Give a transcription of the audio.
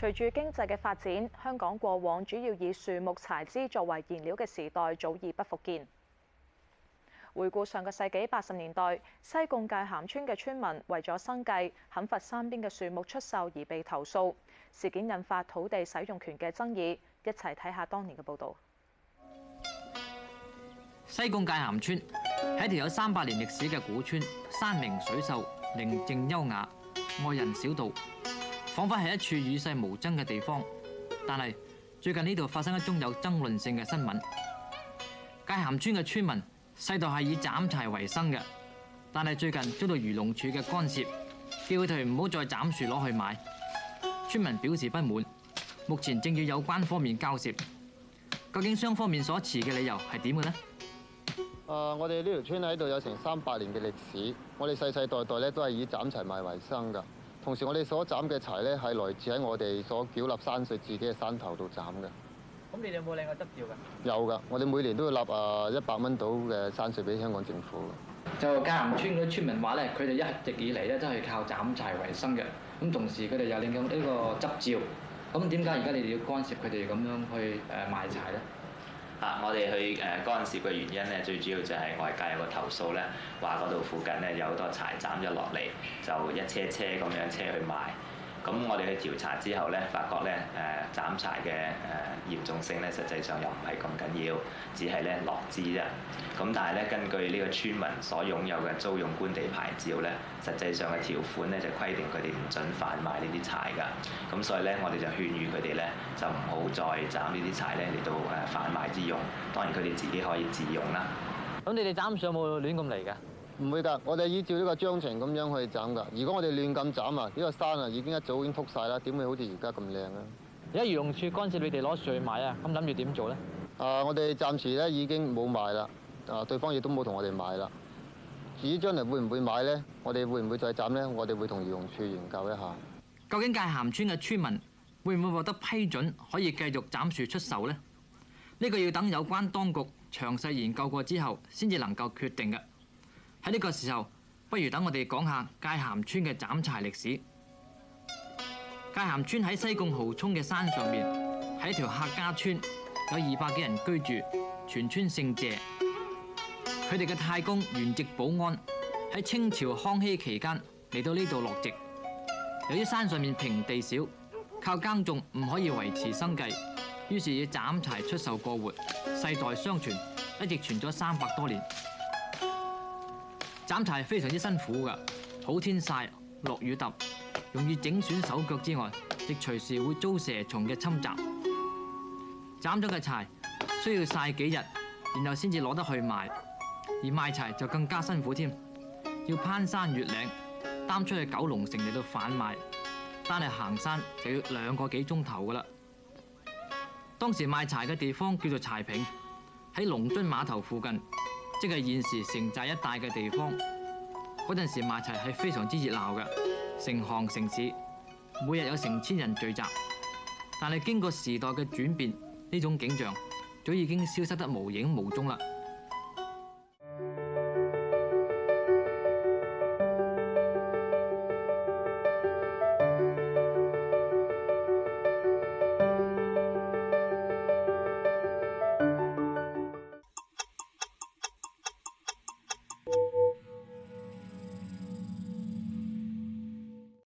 隨住經濟嘅發展，香港過往主要以樹木柴枝作為燃料嘅時代早已不復見。回顧上個世紀八十年代，西貢界咸村嘅村民為咗生計，砍伐山邊嘅樹木出售而被投訴，事件引發土地使用權嘅爭議。一齊睇下當年嘅報導。西貢界咸村係一條有三百年歷史嘅古村，山明水秀，寧靜優雅，愛人小道。講翻係一處與世無爭嘅地方，但係最近呢度發生一宗有爭論性嘅新聞。界咸村嘅村民世代係以斬柴為生嘅，但係最近遭到漁農處嘅干涉，叫佢哋唔好再斬樹攞去賣。村民表示不滿，目前正與有關方面交涉。究竟雙方面所持嘅理由係點嘅呢？誒，uh, 我哋呢條村喺度有成三百年嘅歷史，我哋世世代代咧都係以斬柴賣為生噶。同時我我有有，我哋所斬嘅柴咧，係來自喺我哋所繳納山稅自己嘅山頭度斬嘅。咁你哋有冇領過執照噶？有噶，我哋每年都要立啊一百蚊到嘅山稅俾香港政府。就界咸村嗰啲村民話咧，佢哋一直以嚟咧都係靠斬柴為生嘅。咁同時佢哋又領緊呢個執照。咁點解而家你哋要干涉佢哋咁樣去誒賣柴咧？啊！我哋去誒嗰陣時嘅原因咧，最主要就係外界有個投訴咧，話嗰度附近咧有好多柴斬咗落嚟，就一車車咁樣車去賣。咁我哋去調查之後咧，發覺咧誒斬柴嘅誒嚴重性咧，實際上又唔係咁緊要，只係咧落資啫。咁但係咧，根據呢個村民所擁有嘅租用官地牌照咧，實際上嘅條款咧就規定佢哋唔准販賣呢啲柴噶。咁所以咧，我哋就勸喻佢哋咧，就唔好再斬呢啲柴咧嚟到誒販賣之用。當然佢哋自己可以自用啦。咁你哋斬樹有冇亂咁嚟噶？唔會㗎，我哋依照呢個章程咁樣去斬㗎。如果我哋亂咁斬啊，呢個山啊已經一早已經凸曬啦，點會好似而家咁靚啊？而家漁農處干涉你哋攞樹買啊，咁諗住點做咧？啊，我哋暫時咧已經冇賣啦。啊，對方亦都冇同我哋賣啦。至於將來會唔會買咧？我哋會唔會再斬咧？我哋會同漁農處研究一下。究竟界咸村嘅村民會唔會獲得批准可以繼續斬樹出售咧？呢個要等有關當局詳細研究過之後，先至能夠決定嘅。喺呢個時候，不如等我哋講下界咸村嘅斬柴歷史。界咸村喺西貢豪涌嘅山上面，係一條客家村，有二百幾人居住，全村姓謝。佢哋嘅太公原籍寶安，喺清朝康熙期間嚟到呢度落籍。由於山上面平地少，靠耕種唔可以維持生計，於是要斬柴出售過活，世代相傳，一直傳咗三百多年。斬柴非常之辛苦噶，好天曬、落雨揼，容易整損手腳之外，亦隨時會遭蛇蟲嘅侵襲。斬咗嘅柴需要曬幾日，然後先至攞得去賣。而賣柴就更加辛苦添，要攀山越嶺，擔出去九龍城嚟到販賣，單係行山就要兩個幾鐘頭噶啦。當時賣柴嘅地方叫做柴坪，喺龍津碼頭附近。即係現時城寨一帶嘅地方，嗰陣時賣柴係非常之熱鬧嘅，成行成市，每日有成千人聚集。但係經過時代嘅轉變，呢種景象早已經消失得無影無蹤啦。